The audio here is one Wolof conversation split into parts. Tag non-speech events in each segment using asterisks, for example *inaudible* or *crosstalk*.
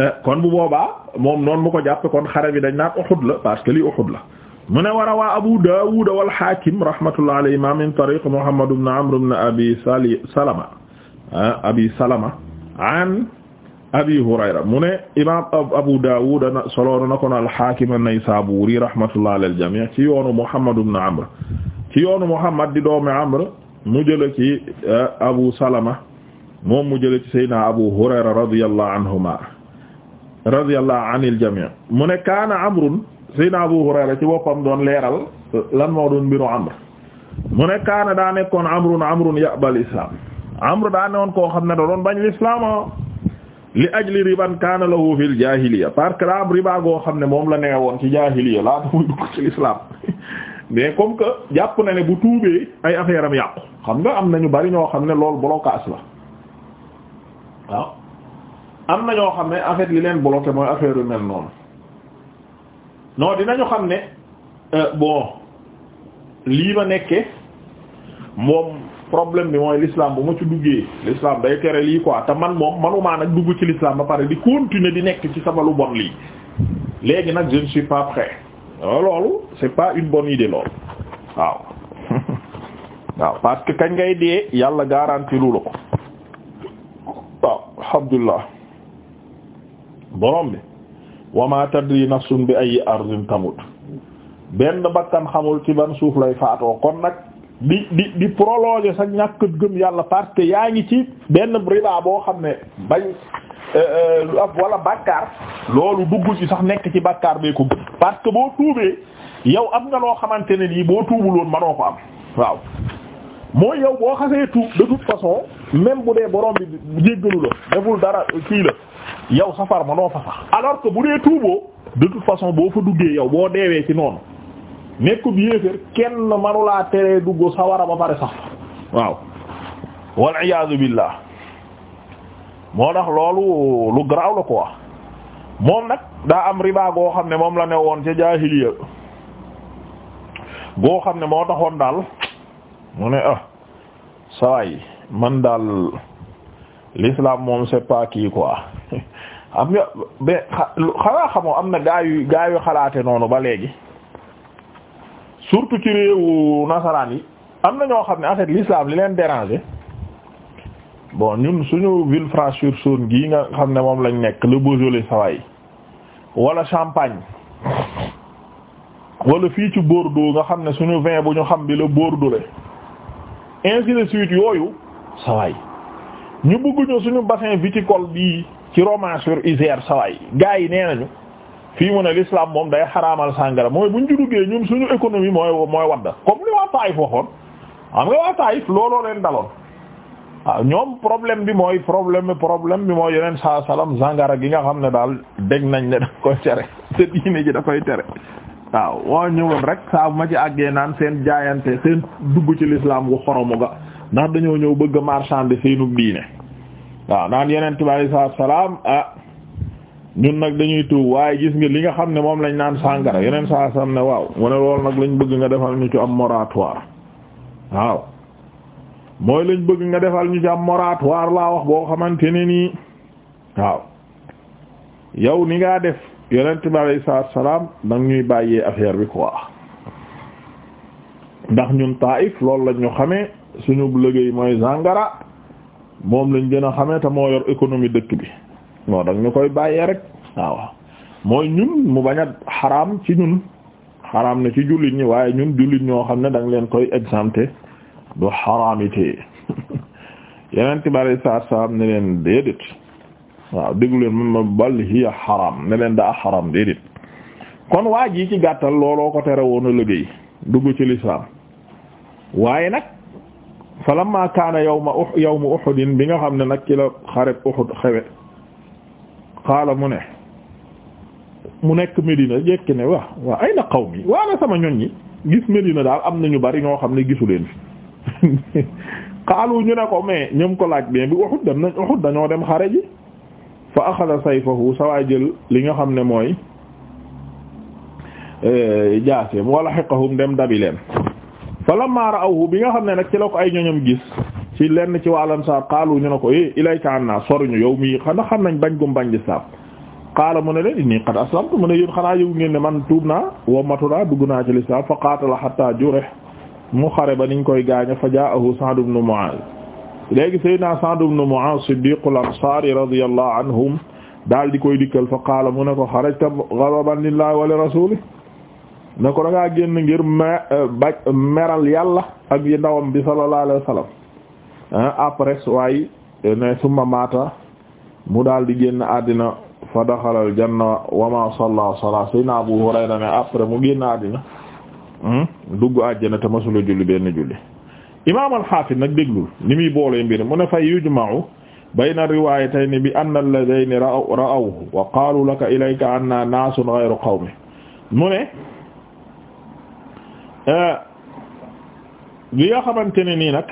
Euh, kon bu boobaa moom noonu mu ko jàppe kon xare bi dañ naan Uhud la parce que li Uhud la mu ne war a waa Abu Dawud wal Hakim rahmatullah alayhima min tariq Muhammad ibn Amr ibn Abi Sali Salama ah, Abi Salama an Abi Hurayra mu ne imam Abu Dawud soloona na ko al Hakim an-Naysaburi rahmatullah alal jami' ci yoonu Muhammad ibn Amr ci yoonu Muhammad di doomi Amr mu jële ci eh, Abu Salama moom mu jële ci Sayyidina Abu Hurayra radiyallahu anhuma radiyallahu anil jami' mu ne kaana amrun sayna Abu Hurayra ci boppam doon leeral lan moo doon mbiru amr mu ne kaana daa nekkoon amrun amrun ya'bal islam amr daa newoon koo xam ne da doon bañ l'islam li ajli riban kaana lahu fil jaahiliya parce que daa am riba xam ne moom la nee woon ci jaahiliya laata muy dugg ci l'islam mais comme que jàpp na ne bu tuubee ay affaire am yàqu xam nga am nañu bari ñoo xam ne loolu blocage la am na ñoo xam ne en fait li leen bloqué mooy affaire yu mel noonu dina dinañu xam ne euh, bon lii ma nekke moom problème bi mooy lislaam bu ma ci duggee l'islam day tere lii quoi te man moom manumaa nag dugg ci l'islam ba pare di continuer di nekk ci sama lu bon lii léegi nag je ne suis pas prêt euh, loolu c'est pas une bonne idée loolu waaw *laughs* parce que kañ ngay dee yàlla garanti lu la ko waaw alhamdulillah borom bi wa ma tadri nafsun bi ay ardin tamut benn bakkan xamul ci ban suuf lay faatoo kon nag di di di prolonger sa ñàkk gëm yàlla parce que yaa ngi ci benn riba boo xam ne bañ euh, euh, wala bàkkaar loolu dugg ci sax nekk ci bàkkaar bee ko gën parce que boo tuubee yow am nga loo xamante ne nii boo tuubuloon manoo ko am waaw mooy yow boo xasee tuub de toute façon même bu dee borom bi jéggalu la deful dara kii la yow safar ma noo fa sax alors que bu dee tuuboo de toute façon boo fa duggee yow boo deewee ci noonu nekkub yéeféer kenn laa teree dugg sawara ba pare sax waaw wal iyaadu billah moo tax loolu lu garaaw ko quoi moom nag daa am riba goo xam ne moom la ne woon ca jaahiliya goo xam ne moo taxoon daal mu ne ah sawaay man daal l'islam moom c'est pas kii quoi am nga mais xanaa xamoo am na gaa yu gaa yu xalaate noonu ba léegi surtout ci réewu nasaraan yi am na ñoo xam ne en fait l'islam li leen déranger bon ñun suñu Villefranche-sur-Saône gii nga xam ne moom lañ nekk le Beaujolais saway wala champagne wala fii ci Bordeaux nga xam ne suñu vin bu ñu xam bi le Bordelais ainsi de suite yooyu saway ñu bëgg ñu bassin viticole bii ci roman sur usère saway gars yi nee nañu fii mu ne l'islam moom day xaraamal sàngara mooy buñ ci duggee ñun suñu économie mooy mooy wadda comme li waa Taïf waxoon xam nga waa Taïf looloo leen daloon ñoom problème bi mooy problème problème bi mooy yeneen saa salaam sàngara gi nga xam ne daal dégg nañ ne da koy tere te diine ji da koy tere waaw moo ñëwoon rek saa bu ma ci àggee naan seen jaayante seen dugg ci l'islam wu xoromu ga ndax dañoo ñëw bëgg a marchander seenu waaw naan yeneen bi alei salaatu salaam ah ñun nag dañuy tuub waaye gis nga li nga xam ne moom lañ naan sàngara yeneen saa sam ne waaw mu ne nag lañu bëgg nga defal ñu ci am moratoire waaw mooy lañ bëgg nga defal ñu ci am moratoire laa wax boo xamante ni nii waaw yow ni ngaa def yeneen bi alei salaatu salaam nag ñuy bàyyee affaire bi quoi ndax ñun Taif loolu lañ ñu xamee suñu liggéey mooy sàngara moom lañ gën a xamee moo yor économie dëkk bi moo dag ñu koy bàyyee rek waaw mooy ñun mu bañ a xaraam ci ñun xaram na ci jullit ñi waaye ñun jullit ñoo xam ne da leen koy exempté du xaraamité *laughs* yeneen bari saar saam ne leen déedéet waaw déglu leen man ma bal hiya xaraam ne leen daa xaraam déedéet kon waa ji ci gàttal looloo ko tere woon a liggéey dugg ci lislaam waaye nag falamma kaana yow yawmu Uhud bi nga xam ne nag ci la xareb Uhud xewe qaala mu ne mu nekk Medina jekki ne waa waa ayna qawmi waana sama ñoñ ñi gis Medina daal am na ñu bari ñoo xam ne gisu leen fi *laughs* ñu ne ko mais ñoom ko laaj bien bi Uhud dem nañ Uhud dañoo dem xare ji fa axada sayfahu sa waay jël li nga xam ne mooy eh, jaaseem wala xeqahum dem dabi leen falamma ra'awhu bi nga xam ne nag ci la ko ay no ñoñom gis ci lenn ci waa Ansaar qaalu ñu ne ko eh ilayka anna soriñu yow mii xana xam nañ bañ gum bañ lislaam qaala mu ne leen inni qad aslamtu mu ne yéen xanaa yëgu ngeen ne man tuub naa wamatu naa dugg naa ci lislaam fa qaatala hatta jurih mu xare ba niñ koy gaaña fa jaa'ahu Sa'd ibn Mu'aaz léegi sayyidina Sa'd ibn Mu'aaz siddiqul ansaari radiyallahu anhum daal di koy dikkal fa qaala mu ne ko xarajta ghadaban lillahi wa li rasuulihi ne ko da génn ngir eh, meral yàlla ak yi ndawam bi sallallahu alayhi wa sallam après eh, ne summa maata mu daal di génn àddina fa daxala al janna wa ma salla salaa sayna Abu Hurayra ne après mu génn àddina hmm, dugg àjjana te masula julli benn julli imaam al-Hafiz déglul ni muy boolee mbir mu ne fa yujma'u bayna riwaayatayni bi anna alladhayni ra'awhu wa qaalu laka ilayka anna naasun ghayru qawmi mu ne Euh, li nga xamante ne nii nag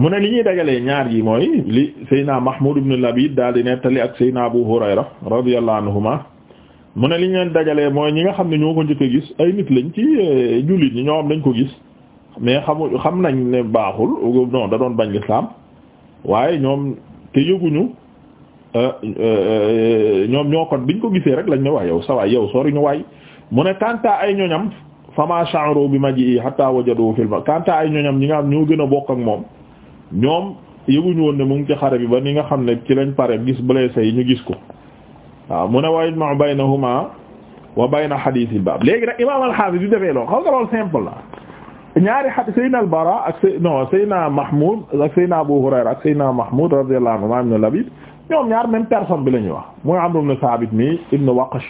mu ne li ñuy dajalee ñaar yi mooy li Seydina Mahmoud ibn Labid daal di nettali ak Seydina Abu Hurayra radiyallahu anhuma mu ne li ñu leen dajalee mooy ñi nga xam ne ñoo ko njëkk a ay nit lañ ci euh, jullit ñi ñoom lañ ko gis mais xamu xam nañ ne baaxul non da doon bañ lislaam waaye ñoom te yëguñu euh, ñoom ñoo kon biñ ko gisee rek lañ ne waay yow sa waay yow sori ñu waay mu ne kanta ay ñoñam fama sha'ru bi maji i hatta wajadu fil ma kanta ay ñoñam ñi nga xam ñoo gën a bokk ak moom ñoom yëguñu woon ne mu ngi ci xare bi ba ni nga xam ne ci lañ pare gis blessé yi ñu gis ko waaw mu ne wa yajma'u baynahuma wa bayna hadith al baab léegi nag imam al-Hafiz di defee loolu xam nga loolu simple la ñaari hadith Seydina al-Bara ak Sey non Seydina Mahmoud ak Seydina Abu Hurayra ak Seydina Mahmoud radiyallahu anhu ibn Labid ñoom ñaar même personne bi la ñuy wax mooy Amr ibn Thabit mi ibn Waqsh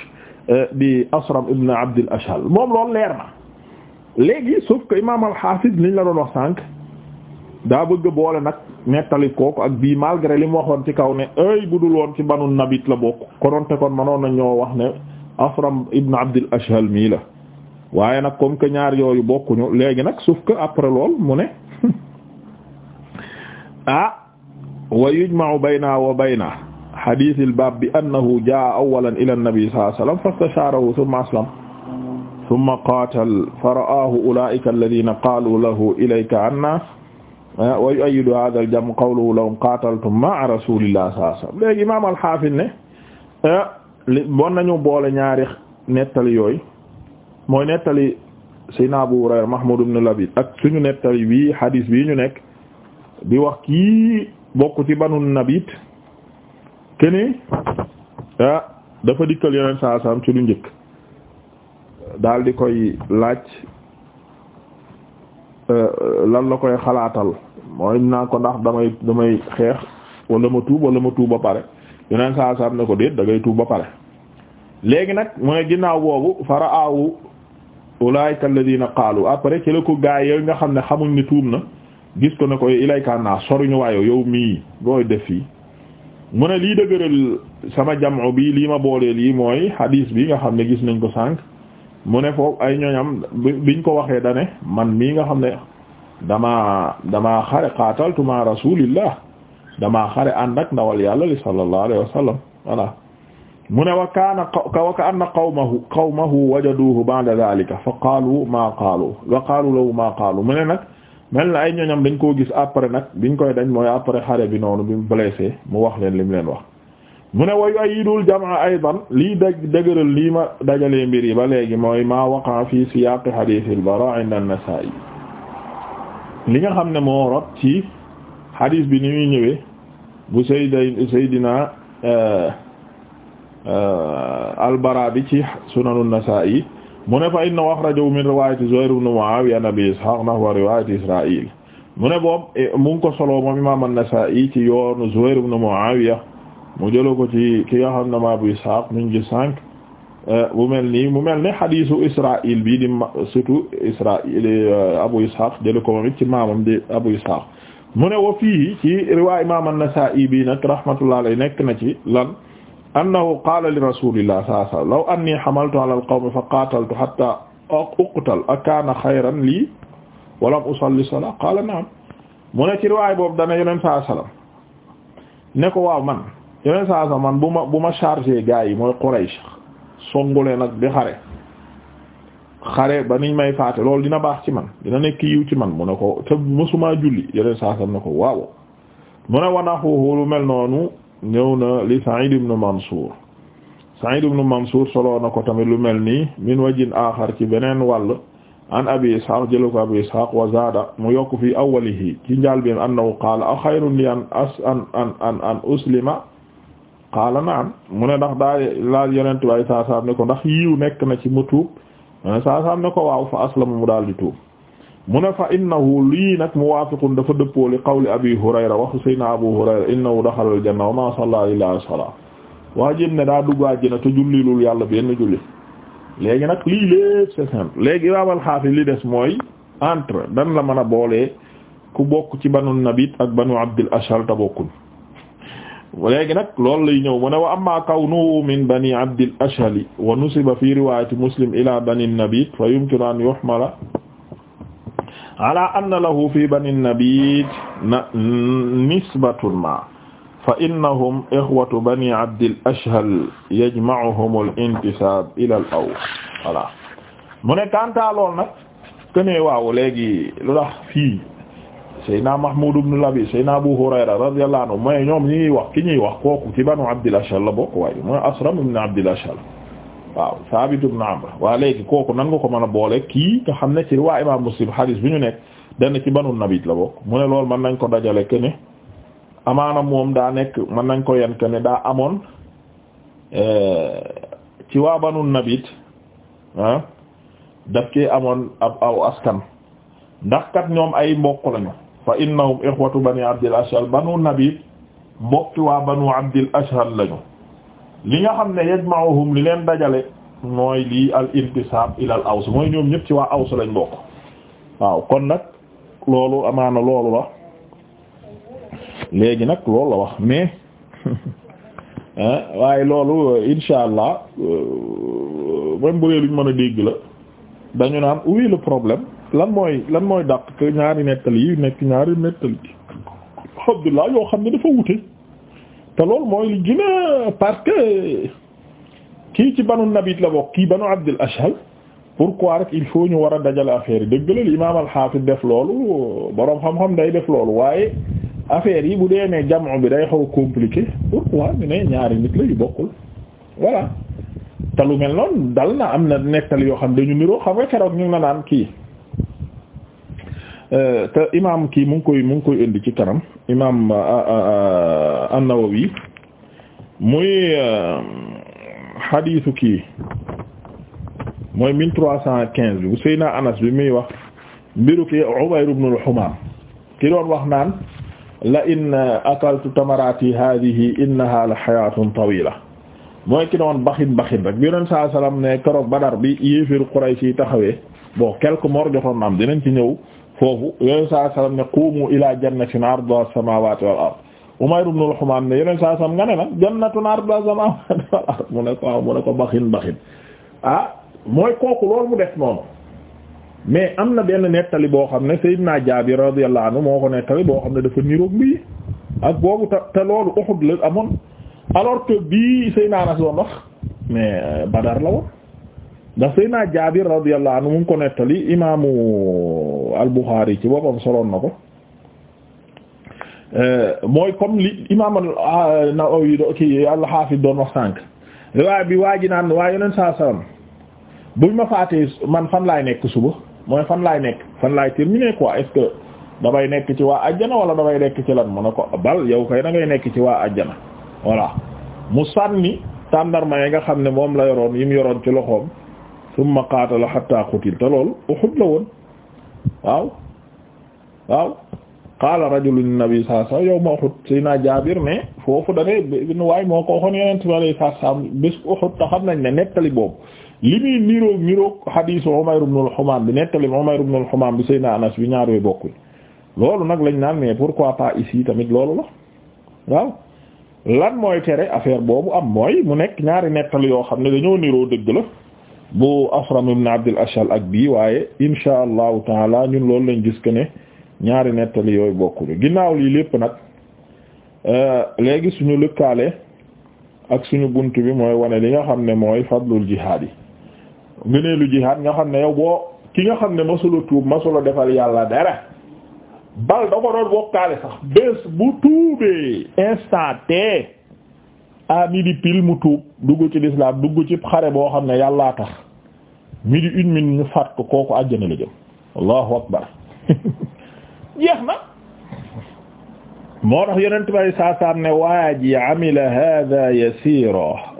bi euh, Asram ibn Abd al-Ashhal moom loolu leer léegi sauf que imaam al-Hafiz liñ la doon wax sànq daa bëgg boole nag nettali kooku ak bii malgré li mu waxoon ci kaw ne ay budul woon ci banu nabit la bokk kononte kon manoon na ñoo wax ne Asram ibn Abd al-Ashhal mii la waaye nag comme que ñaar yooyu bokkuñu léegi nag sauf que après lool mu ne *laughs* ah wa yujma'u bayna wa bayna xadiisil baab bi annahu jaa awwalan ila nabi sallallahu alayhi wa sallam fastashaarahu summa aslam summa qaatal fara'aahu ulaa'ika allaziina qaaluu lahu ilayka annaa eh, wa yu'ayyidu haazal jam' qawluhu lahum qaataltum ma'a rasuulillaahi sallallahu alayhi wa sallam léegi imaam al-Haafiz ne eh, li bon nañu boole ñaari nettali yooyu mooy nettali Seydina Abu Hurayra Mahmoud ibn Labiid ak suñu nettali bii xadiis bii ñu nekk di wax kii bokk ci Banu Nabiit kene ah dafa dikkal yeneen saa saam ci lu njëkk daal di koy laaj eh, lan la koy xalaatal mooy naa ko ndax damay damay xeex wala ma tuub wala ma tuub ba pare yeneen saa saam ne ko déet da ngay tuub ba pare léegi nag mu ne ginnaaw boobu faraawu ulaayka alladina qaalu après ci la ko gaay yooyu nga xam ne xamuñ ne tuub na gis ko ne koy ilayka naa soruñu waayo yow mii booy def fii mu ne lii dëgëral sama jamu bi lii ma booleel yi mooy hadis bi nga xam ne gis nañ ko sànq mu ne foofu ay ñoñam biñ ko waxee dane man mii nga xam ne dama damaa xare qaataltu ma rasulillah damaa xare ànd ak ndawal yàlla li sallallahu alayhi wa sallam voilà mu ne wa kaana wa ka anna qawmahu qawmahu wajaduhu ba'da dhalika fa qaalu maa qaalu wa qaalu law qaalu mu ne mel na ay ñoñam dañ koo gis après nag biñ koy dañ mooy après xare bi noonu bi mu blessé mu wax leen lim leen wax mu ne wayu ay yidul jamaa aydan lii daj dëgëral lii ma dajalee mbir yi ba léegi mooy maa waqa fi siyaaqi xadiisil Baraa inda Nasaa'i li nga xam ne moo ci xadiis bi ni muy ñëwee bu sayday saydina euh, euh, al Baraa bi ci sunanu Nasaa'i mu ne fa inna axrajahu min riwaayati Zuhayr ibn Mu'aawiya an Abi Ishaaq nahwa riwaayati Israa'iil mu ne boobu e, mu ngi ko solo moom imaam an-Nasaa'i ci yoonu Zuhayr ibn Mu'aawiya mu jëloo ko ci ki nga xam ne ma Abu Ishaaq mu ngi sànq e, mu mel nii mu mel ne hadiisu Israa'iil bii di surtout Israa'iil e, Abu Ishaaq jëlee ko moom it ci maamam di Abu Ishaaq mu ne wa fii ci riwaay imaam an-Nasaa'i bii nag rahmatullahi alayhi nekk na ci lan. annahu qaala li rasulillah sallallahu alayhi wasallam law anni hamaltu ala alqawmi fa qataltu hatta uqtal akaana xayran lii walam usalli salaa qaala naam mu ne ci riwaay boobu dana yoneen saa salaam ne ko waaw man yoneen saa man bu ma bu ma chargé gars yi mooy Quraysh songule nag di xare xare ba niñ may faate lool dina baax ci man dina nekki yiw ci man mu ne ko te mësumaa julli yoneen saa ne ko waaw mu ne wanaxu lu mel noonu ñëw na li Sa'id ibn Mansour Sa'id ibn Mansour solo na ko tamit lu mel nii min wajin aaxar ci beneen wàll an abi ishaq jëla ko abi ishaq wa mu yokk fi awwalihi ci njàlbeen annahu qaala aw xayrun li an as an an uslima qaala na'am mu ne ndax daa laaj yonent bi ne ko ndax yiw nekk na ci mu tuub saa ne ko waaw fa aslama mu daal di tuub mu ne fa innahu lii nag muwaafiqun dafa dëppoo li qawli abi hurayra waxu sayna abu hurayra innahu daxala aljanna wa ma salla lillahi salaa waa jëm ne daa dugg àjjana te jullilul yàlla benn julli léegi nag lii lépp c'est simple léegi imaam alxaafis li des mooy entre dan la mën a boolee ku bokk ci banu nabit ak banu abdil ashal te bokkuñ léegi nag loolu lay ñëw mu ne wa amma kawnuhu min bani abdil ashali wa nusiba fi riwaayati muslim ila bani nabit fa yumkinu an yuhmala ala anna lahu fi bani nabiit na nisbatun ma fa innahum ixwatu bani abdil ashhal yajma'uhum al intisab ila al aws voilà mu ne kanta lool nag kene waaw léegi lu tax fii Seydina Mahmoud ibn Labi Seydina Abu Hurayra radiyallahu anhu mooy ñoom ñi ngi wax ki ñuy wax kooku ci banu abdil ashhal la bokk waaye mooy Asram ibn abdil ashhal waaw Saabit ibn Amr waa léegi kooku nan nga ko mën a boole kii nga xam ne ci waa Imaam Muslim xadiis bi ñu nekk dana ci banu Nabiit la bokk mu ne loolu mën nañ ko dajale que amaana moom daa nekk mën nañ ko yen que ne daa amoon euh, ci waa banu Nabiit ah daf cee amoon ab aw askan ndax kat ñoom ay mbokk lañu fa innahum ikhwatu bani Abdil Ashhal banu Nabiit mbokki waa banu Abdil Ashhal lañu. li nga xam ne yajma'uhum li leen dajale mooy lii al intisab ila al aws mooy ñoom ñëpp ci waa aws lañ bokk waaw kon nag loolu amaana loolu la léegi nag loolu la wax mais *laughs* waaye loolu insha allah euh, même bu dee luñ mën a dégg la dañu naan oui problème lan mooy lan mooy dàq ñaari nettali yi nekk ñaari nettali Abdullah yoo xam ne dafa wute te loolu mooy li parce que kii ci banu nabit la bokk kii banu abdul ashal pourquoi rek il faut ñu war a dajale affaire yi dëgg la li al-Hafiz def loolu boroom xam-xam day def loolu waaye affaire yi bu dee ne jamono bi day xaw a compliqué pourquoi ñu ne ñaari mit la bokkul voilà te lu mel noon dal na am na nettali yoo xam dañu niroo xam nga keroog ñu ngi la naan kii Euh, te imaam kii mu ngi koy mu ngi koy indi ci kanam imaam euh, euh, an-Nawawi muy xadiisu kii mooy mille trois cent quinze bi bu Seydina Anas bi muy wax mbiru ki Ubayr ibn al-Humam ki doon wax naan la in akaltu tamarati hadhihi innaha la hayatun tawila mooy ki doon baxin baxin rek bi yoneen saa salaam ne keroog Badar bi yéeféeru Quraysh yi taxawee bon quelques morts jotoon na am dinañ ci ñëw foofu yeneen saa sallam ne qumu ila jannatin arduha as-samawati wal ard Umayr ibn al-Humam ne yeneen saa sallam nga ne nag jannatun arduha as-samawati mu ne ko mu ne ko baxin baxin ah mooy kooku loolu mu def noonu mais am na benn nettali boo xam ne Seydina Jaabir radiyallahu anhu moo ko nettali boo xam ne dafa niroog mbii ak boobu ta te loolu Uhud la amoon alors que bii Seydina Anas doon wax mais Badar la woon ndax Seydina Jaabir radiyallahu anhu mu ngi ko nettali imaamu al-Bukhari ci boppam soloon na ko eh, mooy comme li imaam an-Nawawi ah, al-Hafiz doon wax sànq riwaay bi waa ji naan waa yeneen saa salaam buñ ma faatee man fan laay nekk suba mooy fan laay nekk fan laay terminer quoi est-ce damay nekk ci waa ajjana wala damay nekk ci lan mu ne ko bal yow koy da ngay nekk ci waa ajjana voilà mu sànni tàndarma yi nga xam ne moom la yoroon yi mu yoroon ci loxoom. summa qaatala hatta qutil te loolu Uhud la woon waaw waaw qaala rajulun nabi sallallahu alayhi wasallam yawma Uhud sayna Jaabir ne foofu da ngay benn waay moo ko waxoon Yonent bi alayhi salaam bés Uhud te xam nañ ne nettali boobu li muy niroog niroog hadiisu Umayr ibn al bi nettali Umayr Anas bi ñaar yooyu bokkuñ loolu nag lañ naan mais pourquoi pas ici tamit loolu la waaw lan mooy tere affaire boobu am mooy mu nekk ñaari nettali yoo xam ne dañoo niroo dëgg la. bu Afram ibn Abdul Ashal ak bii waaye insha allahu taala ñun loolu lañ gis que ne ñaari nettali yooyu bokkuñu ginnaaw lii lépp nag euh, léegi suñu lëkkaale ak suñu bunt bi mooy wane li nga xam ne mooy fadlul jihaad yi ngëneelu jihaad nga xam ne yow boo ki nga xam ne masula tuub masula defal yàlla dara bal da ko doon bokkaale sax bés bu tuubee instant à ah mii pile mu tuub dugg ci lislaam dugg ci xare boo xam ne yàllaa tax midi une minute ñu faat kooku àjjana la jëm allahu akbar *laughs* jeex moo tax yonent bay saasaam ne waa ji amila hada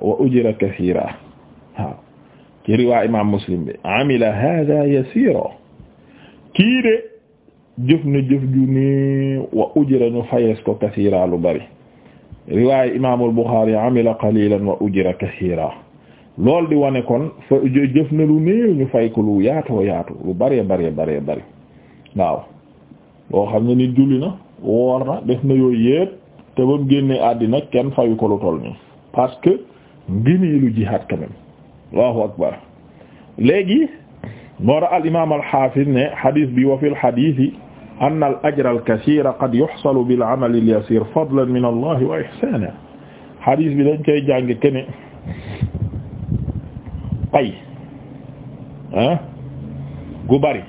wa ujira kathira waaw riwaa imam muslim bi amila hada yasira kii de jëf na jëf ju wa ujira ñu fayees ko kathira lu bari riwaaya imaamul Buxaari amila qalilan wa ujira kasiira lool di wane kon fa jëf na lu néew ñu fay ko lu yaatoo yaatu lu bare bëree bëree bëri waaw loo xam ne nit julli na woor na def na yooyu yépp te ba mu génnee àddina kenn fayu ko lu toll nii parce que ngënee lu jihaad quand même akbar léegi moo al imaam al xaafis ne xadiis bi wa fil xadiisi anna al ajra al kasiira qad yuxsalu la amali al yasiir fadlan min allah wa ihsaanan xadiis bi dañ koy jàng kene tay ah gu bari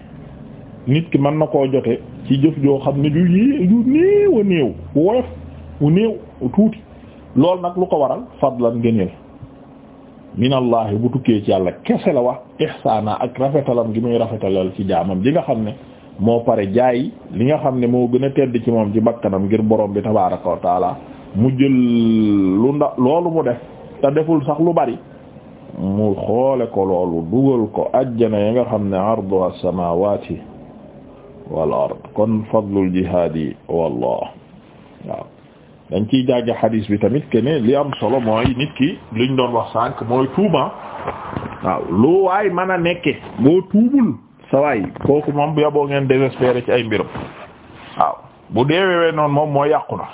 nit ki mën na koo jote ci jëf joo xam ne du yée néew a néew woyof bu néew tuuti loolu nag lu ko waral fadlan ngëneel minallahi bu tukkee ci yàlla kese la wa ihsaana ak rafetalam gi muy rafetalal ci jaamam bi nga xam ne moo pare jaay li nga xam ne moo gën a tedd ci moom ci bakkanam ngir borom bi tabaaraka wa taala mu jël lu nda loolu mu def te deful sax lu bari mu xoole ko loolu dugal ko ajjana ya nga xam ne ardu as-samawati wal ard kon fadlul jihaad yi wallah waaw dañ ciy jàgge xadiis bi tamit ke li am solo mooy nit ki liñ doon wax sànq mooy tuuba waaw lu waay mën nekke boo tuubul sa waay kooku moom bu yaboo ngeen désespéré ci ay mbiram waaw bu deewewee noonu moom mooy yàqu na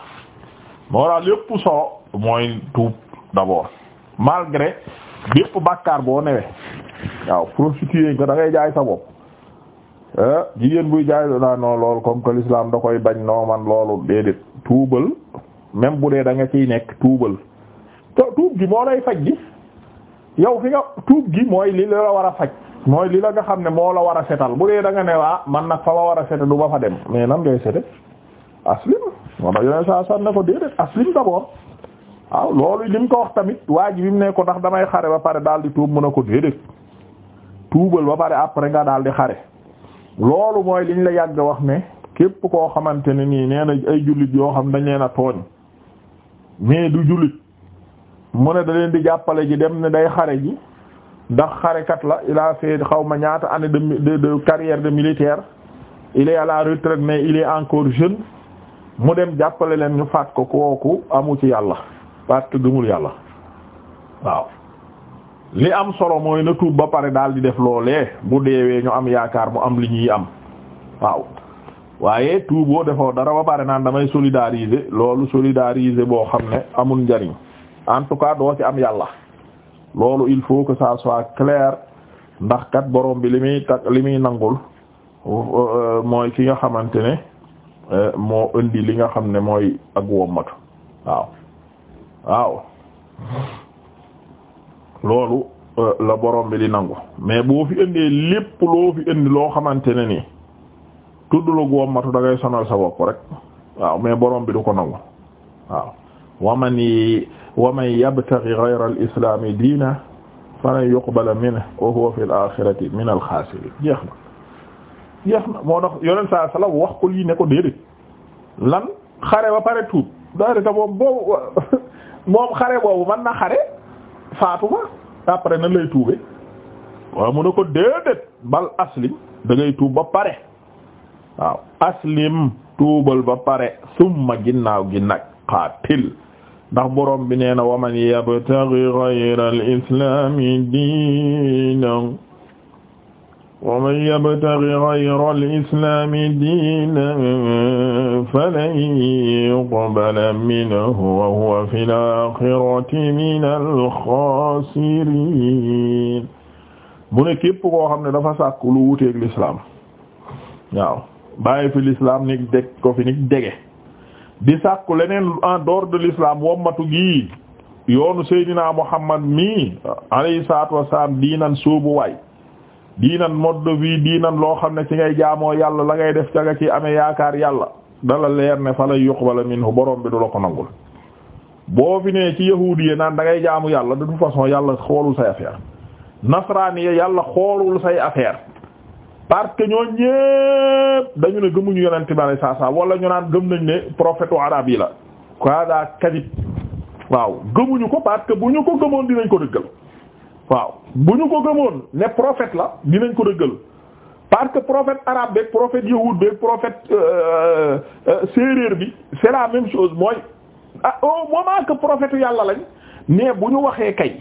moo daal lépp soo mooy tuub d'abord malgré bépp bàkkaar boo newee waaw prostitué nga da ngay jaay sa bopp eh, jigéen buy jaay naa non lool comme que l'islam da koy bañ noo man loolu déedéet tuubal même bu dee danga nga ciy nekk tuubal tuub gi moo lay faj gi yow fi nga tuub gi mooy li la war a faj mooy li la nga xam ne moo la war a setal bu dee da ne waa man nag fa ma war a sete du ba fa dem mais nan ngay sete aslim moo tax yeneen saa saa ne ko déedéet aslim d'abord waaw loolu li ko wax tamit waa ji bi ne ko ndax damay xare ba pare daal di tuub mu a ko déedéet tuubal ba pare après nga daal di xare loolu mooy liñ la yàgg wax ne képp koo xamante ne nii nee na ay jullit yoo xam dañ leen a tooñ mais du jullit mu da leen di jàppale ji dem ne day xare ji ndax xarekat la il a xaw ma ñaata année de de de carrière de militaire il est à la retraite mais il encore jeune mu dem jàppale leen ñu faat ko kooku amu ci yàlla parce que gëmul yàlla waaw. li am solo mooy na tuub ba pare daal di def loole bu deewee ñu am yaakaar mu am li ñuy am waaw waaye tuuboo defoo dara ba pare naan damay solidariser loolu solidariser boo xam ne amul njariñ en tout cas doo ci am yàlla. loolu il faut que ça soit clair ndax kat borom bi li muy tak li muy nangul euh, euh, mooy ki nga xamante ne euh, moo indi li nga xam ne mooy ak wommatu waaw waaw loolu la borom bi di nangu mais boo fi indee lépp loo fi indi loo xamante ne nii tuddu la wommatu matu ngay sonal sa bopp rek waaw mais borom bi du ko nangu waaw waman yi waman yabtaghi ghayra al-islami diina falan yuqbala minhu wa huwa fil aaxirati min al-xaasiriin jeex na jeex na moo tax yonent saa sala wax ko lii ne ko déedéet lan xare ba pare tuub daanaka moom boobu *laughs* moom xare boobu mën na xare faatu ma après nan lay tuube waaw mu ne ko déedéet bal aslim da ngay tuub ba pare waaw aslim tuubal ba pare summa ginnaaw gi nag qaatil ndax borom bi nee na waman yabtaghi ghayra al-islami diinan waman yabtaghi ghayra al-islami diinan falan yuqbala minhu wa huwa fil aaxirati minal xaasiriin mu ne képp koo xam ne dafa sàkk lu wuteeg l'islam waaw bàyyi fi l'islam ni deg ko fi ni dege di sàkku leneen en dehors de l'islam wommatu gi yoonu Seydina Muhammad mi alayhi salaatu wassalaam diinan soobu waay diinan mode de vie diinan loo xam ne ci ngay jaamoo yàlla la ngay def nga ci amee yaakaar yàlla dala leer ne fa lay yuqbala minhu borom bi du la ko nangul boo fi ne ci yahuudi yi naan da jaamu yàlla du toute façon yàlla xoolul say affaire nasraani yàlla xoolul say affaire parce que ñoo ñépp dañu ne gëmuñu yonente bi alay saa wala ñu naan gëm nañ ne prophète u arab yi la kada kadib waaw gëmuñu ko parce que bu ñu ko gëmoon dinañ ko dëggal waaw bu ñu ko gëmoon ne prophète la dinañ ko dëggal parce que prophète arabe profet prophète yahuud beeg prophète euh, euh, euh, séeréer bi c'est la même chose mooy ah moo moment que prophète yàlla lañ mais bu ñu waxee kay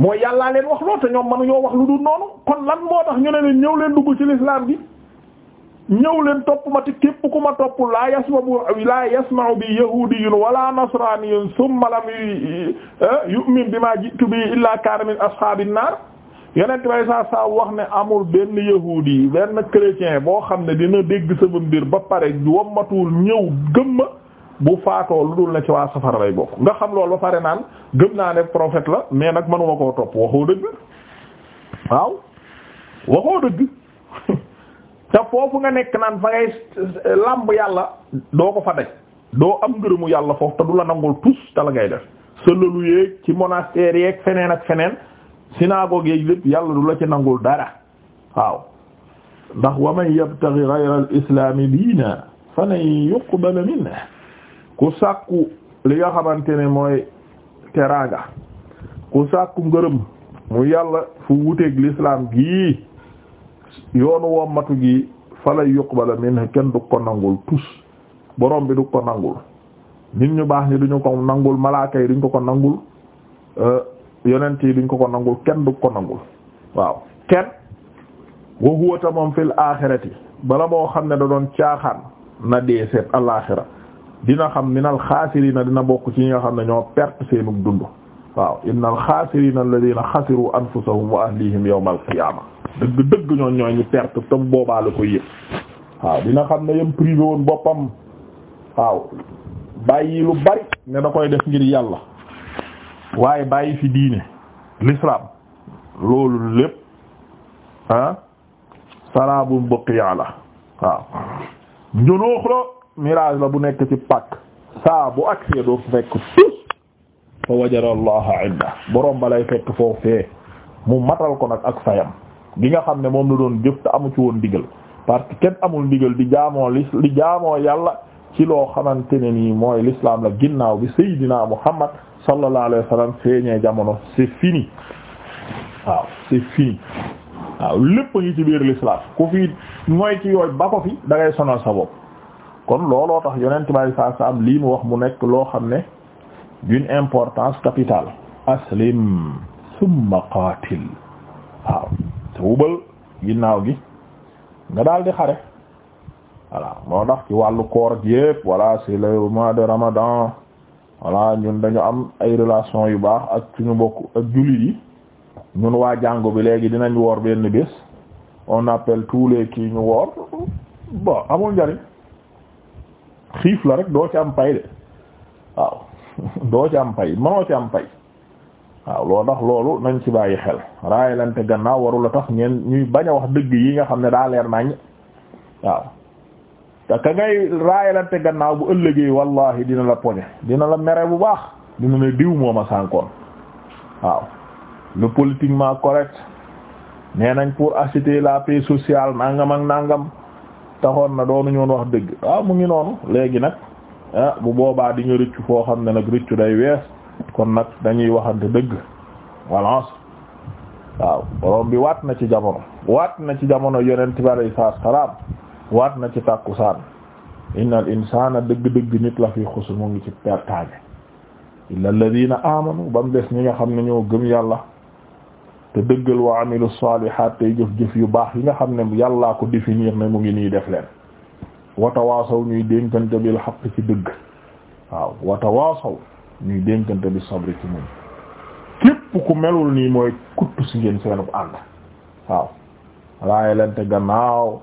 mooy yàllaa leen wax lool te ñoom mënuñoo wax lu dul noonu kon lan moo tax ñu ne leen ñëw leen dugg ci l'islam bi ñëw leen topp ma te képp ku ma topp laa yasmabu laa yasma'u bi yahudiyun wala nasraniyun thumma lam eh, yu'min bima ji'tu bi illa kaana min ashabin naar yonent bay saa saa wax ne amul benn yahudi benn chrétien boo xam ne dina dégg sa sama biir ba pare wommatuwul ñëw gëmma bu faatoo lu dul na ci waa safara lay bokk nga xam loolu ba pare naan gëm naa ne profet la mais nag manuma koo topp waxoo dëgg waaw waxoo dëgg *laughs* te foofu nga nekk naan fa ngay làmb yàlla doo ko fa daj doo am ngërëmu yàlla foofu te du la nangul tus te la ngay def sëlalu yéeg ci monastère yeeg feneen ak feneen synagogue yeeg lépp yàlla du la ci nangul dara waaw ndax wa man yabtaghi ghayra islami diina fa lan yuqbala minhu ku sàkku li nga xamante ne mooy teraanga ku sàkku ngërëm mu yàlla fu wuteeg l'islam gii yoonu wommatu gi falay yuqbala min kenn du ko nangul tus borom bi du ko nangul nit ñu baax ni duñu ko nangul malaaka yi duñ ko ko nangul euh, yonent yi duñ ko ko nangul kenn du ko nangul waaw kenn wa huwa tamam fil aaxirati bala moo xam ne da doon caaxaan na dee seet alaaxira dina xam minal xaasiriina dina bokk ci ñi nga xam ne ñoo perte seenug dund waaw innal xaasiriina alladina xasiru anfusahum wa ahlihim yawmal qiyaama dëgg dëgg ñoon ñooy ñu perte tam boobaa la ko yëg waaw dina xam ne yem privé woon boppam waaw bàyyi lu bari ne da koy def ngir yàlla waaye bàyyi fi diine l'islam loolu lépp ah sarabum buqiya waaw njonoox la mirage la bu nekk ci pàkk saa bu agsee doo fekk tus fa wajara allaha inda borom balay fekk foofee mu matal ko nag ak fayam gi nga xam ne moom la doon jëf te amu ci woon ndigal parce que kenn amul ndigal di jaamoo li jaamoo yàlla ci loo xamante ne nii mooy l'islam la ginnaaw bi Seydina Muhammad sallallahu alayhi wa sallam feeñee jamono c'est fini waaw c'est fini waaw lépp ngi ci biir l'islam ku fi mooy ci yooyu ba ko fi da sonal sa bopp kon looloo tax yonent bay saa saa am lii mu wax mu nekk loo xam ne d'une importance capitale aslim summa qatil waaw te wubal ginnaaw gi nga daal di xare voilà moo tax ci wàllu koor ak yépp voilà c'est le mois de ramadan voilà ñun dañu am ay relation yu baax ak suñu mbokk ak jullit yi ñun waa jàngo bi léegi dinañ woor benn bés on appelle tous les ñu woor bon amul njariñ xiif la rek doo ci am pay de waaw *laughs* doo ci am pay mënoo ci am pay waaw loo ndax loolu nañ ci bàyyi xel raayalante gannaaw warul a tax ñuy bañ a wax dëgg yi nga xam ne daa leer nañ waaw te ka ngay raayalante gannaaw bu ëllëgee wallahi dina la poñe dina la mere bu baax dina ne diw mooma sànkoon waaw le politiquement correct nee nañ pour acheter la paix sociale nangam ak nangam taxoon na doonu ñoon wax dëgg waaw mu ngi noonu léegi nag ah bu boobaa di nga rëccu foo xam ne nag rëccu day wees kon nag dañuy waxante dëgg walance waaw borom bi waat na ci jamono waat na ci jamono yonent bi alayhi salaam waat na ci tàkkusaan innal insana dëgg-dëgg nit la fi xus mu ngi ci pertaange illa alladhina amanu ba mu des ñi nga xam ne ñoo gëm yàlla te dëggal wa amilu salihat tey jëf-jëf yu baax yi nga xam ne yàllaa ko définir ne mu ngi nii def leen watawaasaw ñuy dénkante bil xaq ci dëgg waaw watawaasaw ñuy dénkante bi sabri ci muñ képp ku melul nii mooy kutt si ngeen seenub ànd waaw laaye gannaaw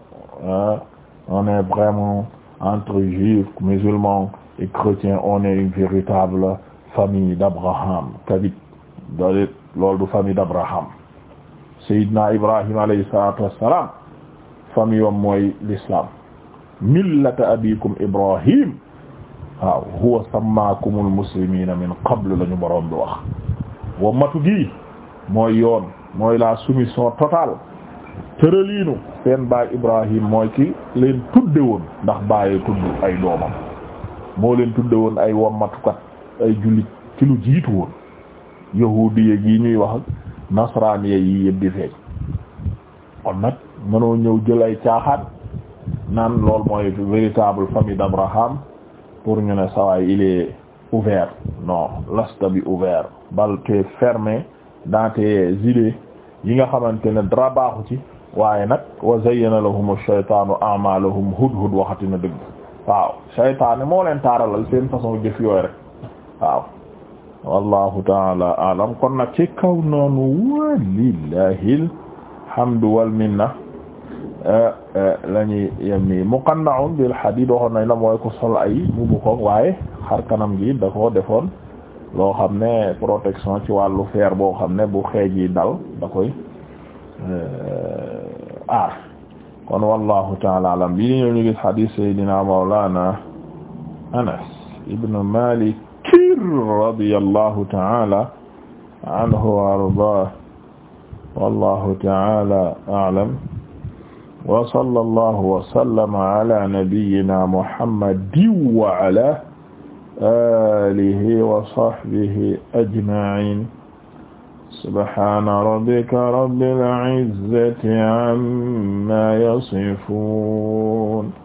on vraiment entre juifs musulmans et chrétiens on est famille d'Abraham kabit loolu du famille d'Abraham Seydina Ibrahim alayhi salaatu wassalaam famille wam mooy l'islam millata abikum Ibrahim waaw huwa sammaakumul muslimiina min qablu la ñu boroom bi wax wa matu gi mooy yoon mooy la soumission totale tëraliinu seen baay Ibrahim mooy ki leen tudde woon ndax bàyyee tudd ay doomam moo leen tudde woon ay wammatukat ay jullit ci lu jiitu woon yahuudi yi ñuy wax ak nasraan yi yëpp feeñ kon nag mënoo ñëw jël ay caaxaan naan lool mooy véritable famille d'Abraham pour ñu ne sawaay il est ouvert non lasta bi ouvert bal te fermé dans yi nga xamante ne dara baaxu ci waaye nag wa zayyana lahum ash-shaytaanu a'maalahum hudhud waxati na dëgg waaw shaytaane moo leen taaralal seen façon jëf yooyu rek waaw wallahu taala alam kon nag ci kaw noonu walillahil hamdu wal minna eh, eh, la ñuy bil hadid waxoon nañ la mooy ko sol ay mbubu ko waaye xar kanam gi da defoon loo xam ne protection ci wàllu fer boo xam ne bu xeej yi dal da koy eh, aar kon wallahu taala alam bi ñu gis hadith sayyidina mawlana anas ibn malik radiyallahu ta'ala anhu wa ardaahu wallahu ta'ala a'lam wa sallallahu wa sallama ala nabiyyina muhammadin wa ala alihi wa sahbihi ajma'in subhana rabbika rabbil izzati amma yasifun